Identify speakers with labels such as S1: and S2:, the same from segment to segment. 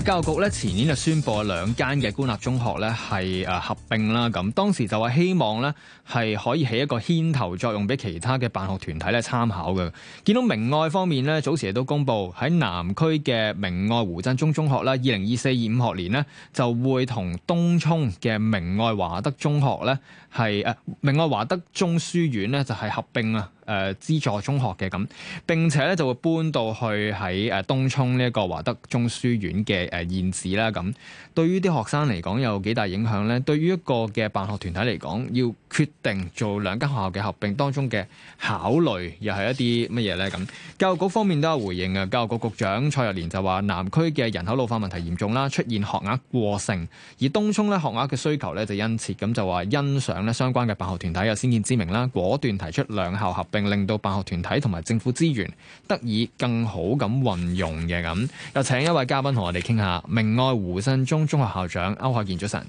S1: 教育局咧前年就宣布兩間嘅官立中學咧係誒合併啦。咁當時就話希望咧係可以起一個牽頭作用，俾其他嘅辦學團體咧參考嘅。見到明愛方面咧，早時都公布喺南區嘅明愛胡振中中學啦，二零二四二五學年呢，就會同東涌嘅明愛華德中學咧係誒明愛華德中書院咧就係合併啦。誒、呃、資助中學嘅咁，並且咧就會搬到去喺誒東涌呢一個華德中書院嘅誒、呃、現址啦咁。對於啲學生嚟講有幾大影響咧？對於一個嘅辦學團體嚟講，要決定做兩間學校嘅合併當中嘅考慮又，又係一啲乜嘢咧？咁教育局方面都有回應，教育局局長蔡若蓮就話：南區嘅人口老化問題嚴重啦，出現學額過剩，而東涌咧學額嘅需求咧就殷切，咁就話欣賞咧相關嘅辦學團體有先見之明啦，果斷提出兩校合併令到辦學團體同埋政府資源得以更好咁運用嘅咁，又請一位嘉賓同我哋傾下明愛胡振中中學校長歐海健。早晨，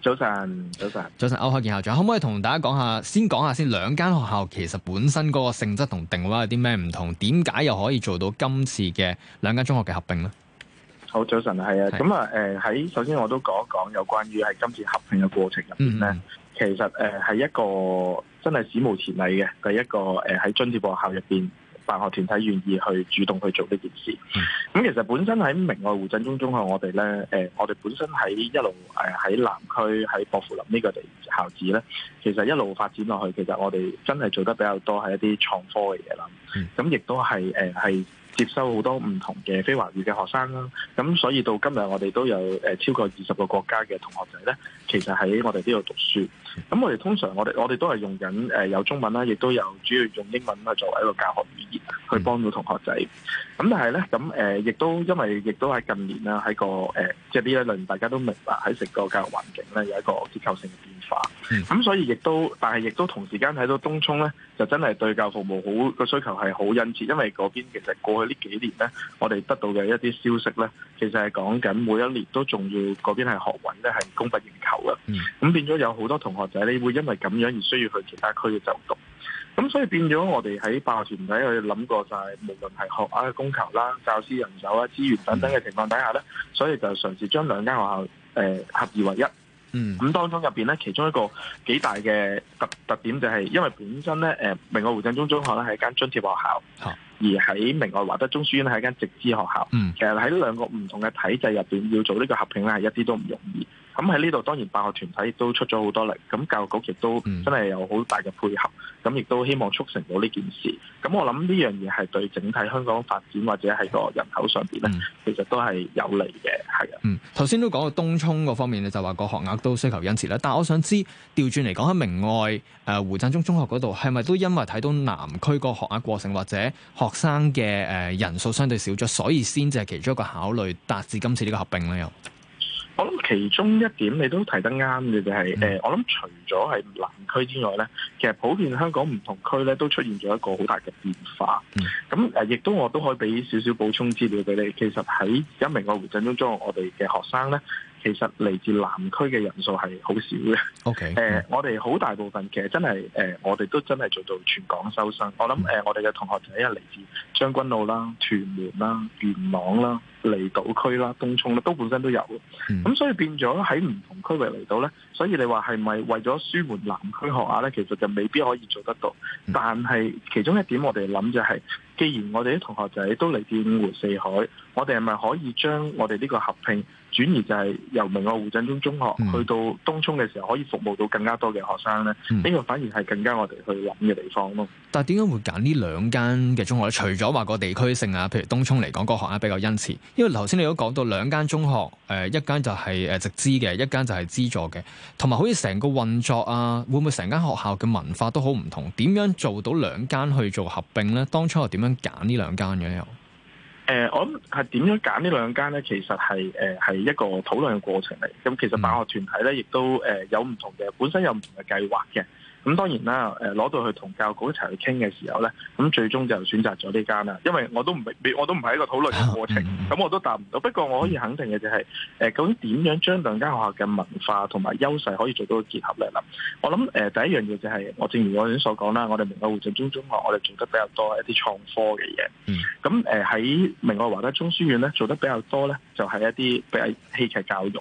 S1: 早
S2: 晨，早晨，早晨，
S1: 早晨，歐海健校長，可唔可以同大家講下，先講下先，兩間學校其實本身嗰個性質同定位有啲咩唔同，點解又可以做到今次嘅兩間中學嘅合併呢？
S2: 好，早晨，係啊，咁啊是，誒，喺、呃、首先我都講一講有關於係今次合併嘅過程入邊其實誒係一個真係史無前例嘅，第一個誒喺津貼學校入邊，辦學團體願意去主動去做呢件事。咁、嗯、其實本身喺明愛胡振中中學，我哋咧誒，我哋本身喺一路誒喺南區喺薄扶林呢個地校址咧，其實一路發展落去，其實我哋真係做得比較多係一啲創科嘅嘢啦。咁亦、嗯、都係誒係。呃接收好多唔同嘅非華語嘅學生啦、啊，咁所以到今日我哋都有誒、呃、超過二十個國家嘅同學仔咧，其實喺我哋呢度讀書。咁我哋通常我哋我哋都係用緊誒、呃、有中文啦，亦都有主要用英文啊作為一個教學語言去幫到同學仔。咁但係咧，咁誒亦都因為亦都喺近年啦，喺個誒即係呢一輪大家都明白喺成個教育環境咧有一個結構性嘅變化。咁、嗯、所以亦都，但係亦都同時間睇到東涌咧，就真係對教服務好個需求係好殷切，因為嗰邊其實過去。呢幾年咧，我哋得到嘅一啲消息咧，其實係講緊每一年都仲要嗰邊係學穩咧係供不應求嘅，咁、嗯、變咗有好多同學仔，你會因為咁樣而需要去其他區嘅就讀，咁所以變咗我哋喺辦學團體去諗過就係，無論係學額供求啦，教師人手啦，資源等等嘅情況底下咧，嗯、所以就嘗試將兩間學校誒、呃、合二為一，咁、嗯、當中入邊咧其中一個幾大嘅特特點就係，因為本身咧誒、呃、明愛胡振中中學咧係一間津貼學校。啊而喺明愛華德中書院咧係一間直資學校，嗯、其實喺兩個唔同嘅體制入邊要做呢個合併咧係一啲都唔容易。咁喺呢度當然，辦學團體都出咗好多力，咁教育局亦都真係有好大嘅配合，咁亦都希望促成到呢件事。咁我諗呢樣嘢係對整體香港發展或者喺個人口上面咧，其實都係有
S1: 利嘅，係啊。嗯，頭先都講到東涌嗰方面咧，就話個學額都需求殷切啦。但係我想知調轉嚟講，喺明愛誒胡振中中學嗰度，係咪都因為睇到南區個學額過剩或者學生嘅誒人數相對少咗，所以先至係其中一個考慮達至今次呢個合併咧？又？
S2: 我諗其中一點你都提得啱嘅就係、是，嗯、我諗除咗係南區之外咧，其實普遍香港唔同區咧都出現咗一個好大嘅變化。咁亦、嗯、都我都可以俾少少補充資料俾你。其實喺而家明愛胡振中中我哋嘅學生咧。其實嚟自南區嘅人數係好少嘅。
S1: OK，誒 okay.、呃，
S2: 我哋好大部分其實真係，誒、呃，我哋都真係做到全港收生。我諗，誒、呃，我哋嘅同學仔係嚟自將軍澳啦、屯門啦、元朗啦、離島區啦、東涌都本身都有。咁、mm. 嗯、所以變咗喺唔同區域嚟到咧，所以你話係咪為咗舒緩南區學額咧，其實就未必可以做得到。但係其中一點我哋諗就係、是，既然我哋啲同學仔都嚟自五湖四海，我哋係咪可以將我哋呢個合併？轉移就係由明愛胡振中中學、嗯、去到東涌嘅時候，可以服務到更加多嘅學生咧。呢個、嗯、反而係更加我哋去諗嘅地方咯。
S1: 但係點解會揀呢兩間嘅中學咧？除咗話個地區性啊，譬如東涌嚟講，嗰個學校比較殷切。因為頭先你都講到兩間中學，誒、一間就係誒直資嘅，一間就係資助嘅，同埋好似成個運作啊，會唔會成間學校嘅文化都好唔同？點樣做到兩間去做合併咧？當初又點樣揀呢兩間嘅咧？
S2: 誒、呃，我諗係點樣揀呢兩間呢？其實係誒、呃、一個討論嘅過程嚟。咁其實辦學團體呢，亦都誒有唔同嘅本身有唔同嘅計劃嘅。咁當然啦，誒攞到去同教育局一齊去傾嘅時候咧，咁最終就選擇咗呢間啦，因為我都唔係，我都唔係一個討論嘅過程，咁我都答唔到。不過我可以肯定嘅就係，究竟點樣將兩間學校嘅文化同埋優勢可以做到結合咧？啦我諗誒第一樣嘢就係，我正如我先所講啦，我哋明愛胡振中中學，我哋做得比較多一啲創科嘅嘢，咁誒喺明愛華德中書院咧做得比較多咧，就係一啲比較戲劇教育。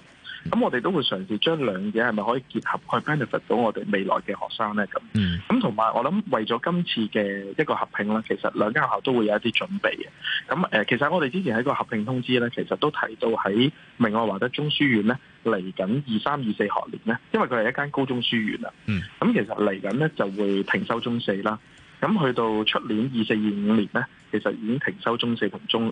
S2: 咁我哋都會嘗試將兩者係咪可以結合去 benefit 到我哋未來嘅學生呢？咁，咁同埋我諗為咗今次嘅一個合併呢，其實兩間學校都會有一啲準備嘅。咁誒，其實我哋之前喺個合併通知呢，其實都提到喺明愛華德中書院呢，嚟緊二三二四學年呢，因為佢係一間高中書院啊。咁、mm. 其實嚟緊呢就會停收中四啦。咁去到出年二四二五年呢，其實已經停收中四同中。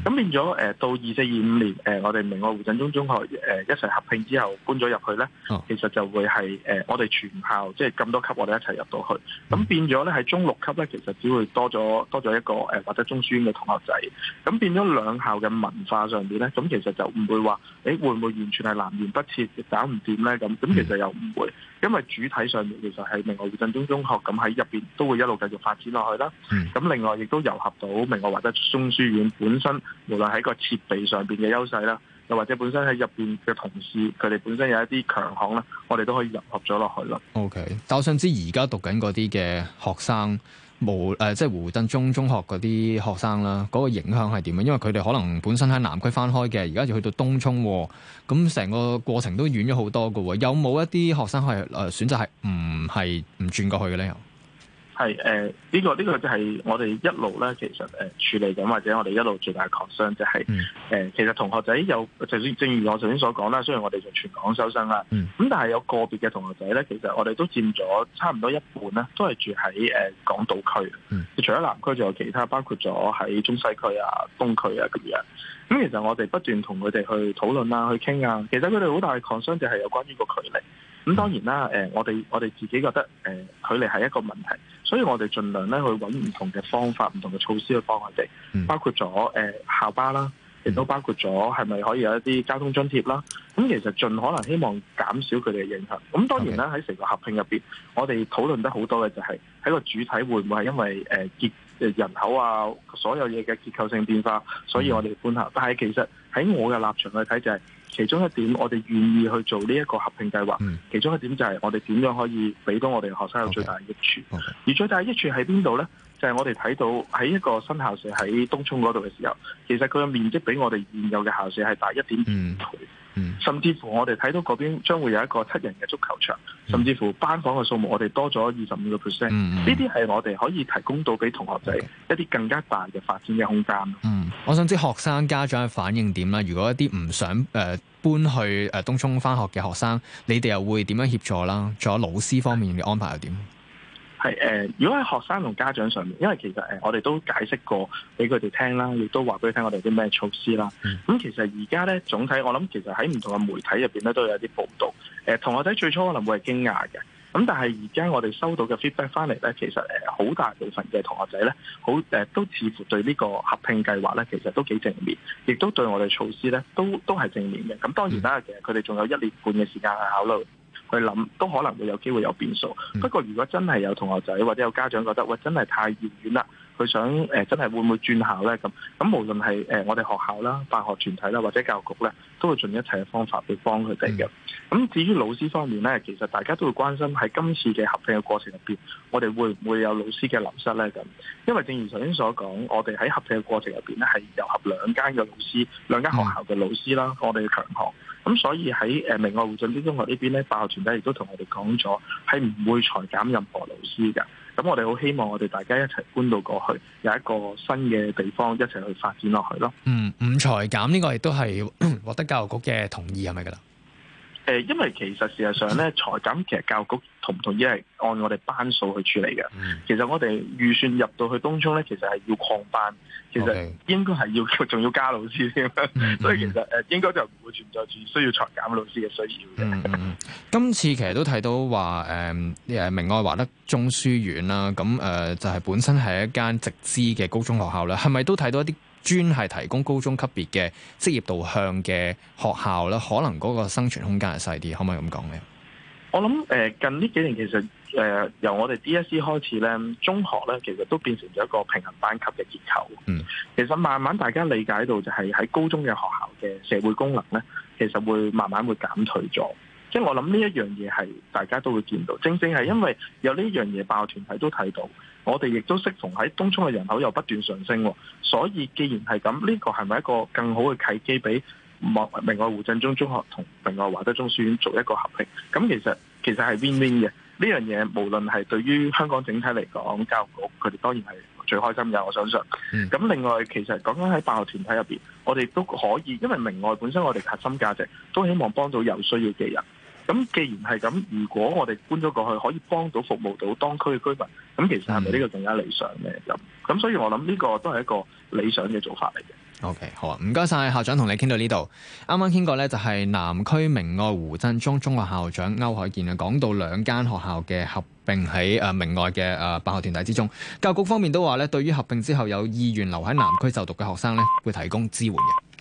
S2: 咁、嗯、變咗誒、呃，到二四二五年誒、呃，我哋明愛胡振中中學誒、呃、一齊合併之後搬咗入去咧，哦、其實就會係誒、呃、我哋全校即係咁多級，我哋一齊入到去。咁變咗咧，喺中六級咧，其實只會多咗多咗一個、呃、華德中書院嘅同學仔。咁變咗兩校嘅文化上面咧，咁其實就唔會話誒、欸、會唔會完全係南轅北轍搞唔掂咧咁。咁其實又唔會，因為主體上面其實係明愛胡振中中學，咁喺入面都會一路繼續發展落去啦。咁另外亦都融合到明愛華德中書院本身。無論喺個設備上邊嘅優勢啦，又或者本身喺入邊嘅同事，佢哋本身有一啲強項啦，我哋都可以融合咗落去咯。
S1: O、okay, K. 但我想知而家讀緊嗰啲嘅學生，無呃、胡誒即係胡振中中學嗰啲學生啦，嗰、那個影響係點樣？因為佢哋可能本身喺南區翻開嘅，而家就去到東涌，咁成個過程都遠咗好多噶。有冇一啲學生係誒、呃、選擇係唔係唔轉過去嘅咧？
S2: 係誒，呢、呃這個呢、這個就係我哋一路咧，其實誒、呃、處理緊，或者我哋一路最大嘅 concern 就係、是、誒、mm. 呃，其實同學仔有，就算正如我頭先所講啦，雖然我哋就全港收生啦，咁、mm. 但係有個別嘅同學仔咧，其實我哋都佔咗差唔多一半啦，都係住喺誒港島區，mm. 除咗南區仲有其他，包括咗喺中西區啊、東區啊咁樣。咁其、嗯、其實我哋不斷同佢哋去討論啦、啊、去傾啊，其實佢哋好大嘅 concern 就係有關於個距離。咁當然啦，我哋我哋自己覺得誒距離係一個問題，所以我哋盡量咧去揾唔同嘅方法、唔同嘅措施去幫佢哋，包括咗誒校巴啦，亦都包括咗係咪可以有一啲交通津貼啦。咁其實盡可能希望減少佢哋嘅影響。咁當然啦，喺成個合併入邊，我哋討論得好多嘅就係喺個主體會唔會係因為誒人口啊，所有嘢嘅結構性變化，所以我哋觀察。但係其實喺我嘅立場去睇就係。其中一點，我哋願意去做呢一個合併計劃。其中一點就係，我哋點樣可以俾到我哋學生有最大嘅益處？Okay. Okay. 而最大嘅益處喺邊度咧？就係我哋睇到喺一個新校舍喺東涌嗰度嘅時候，其實佢嘅面積比我哋現有嘅校舍係大一點五倍，嗯嗯、甚至乎我哋睇到嗰邊將會有一個七人嘅足球場，嗯、甚至乎班房嘅數目我哋多咗二十五個 percent。呢啲係我哋可以提供到俾同學仔一啲更加大嘅發展嘅空間。
S1: 嗯，我想知學生家長嘅反應點啦。如果一啲唔想誒搬去誒東涌返學嘅學生，你哋又會點樣協助啦？仲有老師方面嘅安排又點？
S2: 係誒、呃，如果喺學生同家長上面，因為其實誒、呃，我哋都解釋過俾佢哋聽啦，亦都話俾佢聽我哋啲咩措施啦。咁、嗯、其實而家咧總體，我諗其實喺唔同嘅媒體入面咧都有啲報道、呃。同學仔最初可能會係驚訝嘅，咁但係而家我哋收到嘅 feedback 翻嚟咧，其實好、呃、大部分嘅同學仔咧，好、呃、都似乎對呢個合併計劃咧，其實都幾正面，亦都對我哋措施咧都都係正面嘅。咁當然啦，其實佢哋仲有一年半嘅時間去考慮。去諗都可能會有機會有變數，不過如果真係有同學仔或者有家長覺得喂真係太遠遠啦，佢想、呃、真係會唔會轉校呢？」咁，咁無論係、呃、我哋學校啦、辦學團體啦或者教育局呢，都會盡一切嘅方法去幫佢哋嘅。咁至於老師方面呢，其實大家都會關心喺今次嘅合併嘅過程入面，我哋會唔會有老師嘅流失呢？咁，因為正如頭先所講，我哋喺合併嘅過程入邊呢，係融合兩間嘅老師、兩間學校嘅老師啦，我哋嘅強項。咁、嗯、所以喺誒明愛胡振中中學呢邊咧，校長亦都同我哋講咗，係唔會裁減任何老師嘅。咁我哋好希望我哋大家一齊搬到過去，有一個新嘅地方，一齊去發展落去咯。
S1: 唔唔、嗯、裁減呢個亦都係獲得教育局嘅同意係咪㗎啦？是
S2: 誒，因為其實事實上咧，裁減其實教育局同唔同意係按我哋班數去處理嘅。嗯、其實我哋預算入到去當中咧，其實係要擴班，其實應該係要仲 Okay. 要加老師添。嗯、所以其實誒，應該就唔會存在住需要裁減老師嘅需要嘅、嗯嗯
S1: 嗯。今次其實都睇到話誒，誒、嗯、明愛華德中書院啦，咁誒、呃、就係、係、本身係一間直資嘅高中學校啦，係咪都睇到一啲？專係提供高中級別嘅職業導向嘅學校咧，可能嗰個生存空間係細啲，可唔可以咁講呢？
S2: 我諗誒、呃、近呢幾年其實誒、呃、由我哋 DSE 開始咧，中學咧其實都變成咗一個平衡班級嘅結構。嗯，其實慢慢大家理解到就係喺高中嘅學校嘅社會功能咧，其實會慢慢會減退咗。即、就、係、是、我諗呢一樣嘢係大家都會見到，正正係因為有呢一樣嘢，教育團體都睇到。我哋亦都適逢喺東涌嘅人口又不斷上升，所以既然係咁，呢個係咪一個更好嘅契機，俾明愛胡振中中學同明愛華德中書院做一個合併？咁其實其實係 win win 嘅。呢樣嘢無論係對於香港整體嚟講，教育局佢哋當然係最開心嘅，我相信。咁、mm. 另外，其實講緊喺辦學團體入面，我哋都可以，因為明愛本身我哋核心價值都希望幫到有需要嘅人。咁既然係咁，如果我哋搬咗過去，可以幫到服務到當區嘅居民，咁其實，係咪呢個更加理想咧？咁咁、嗯，所以我諗，呢個都係一個理想嘅做法嚟嘅。
S1: OK，好啊，唔該晒校長同你傾到呢度。啱啱傾過咧，就係南區明愛胡振中中學校長歐海健啊，講到兩間學校嘅合併喺誒明愛嘅誒辦學團體之中，教育局方面都話咧，對於合併之後有意願留喺南區就讀嘅學生咧，會提供支援嘅。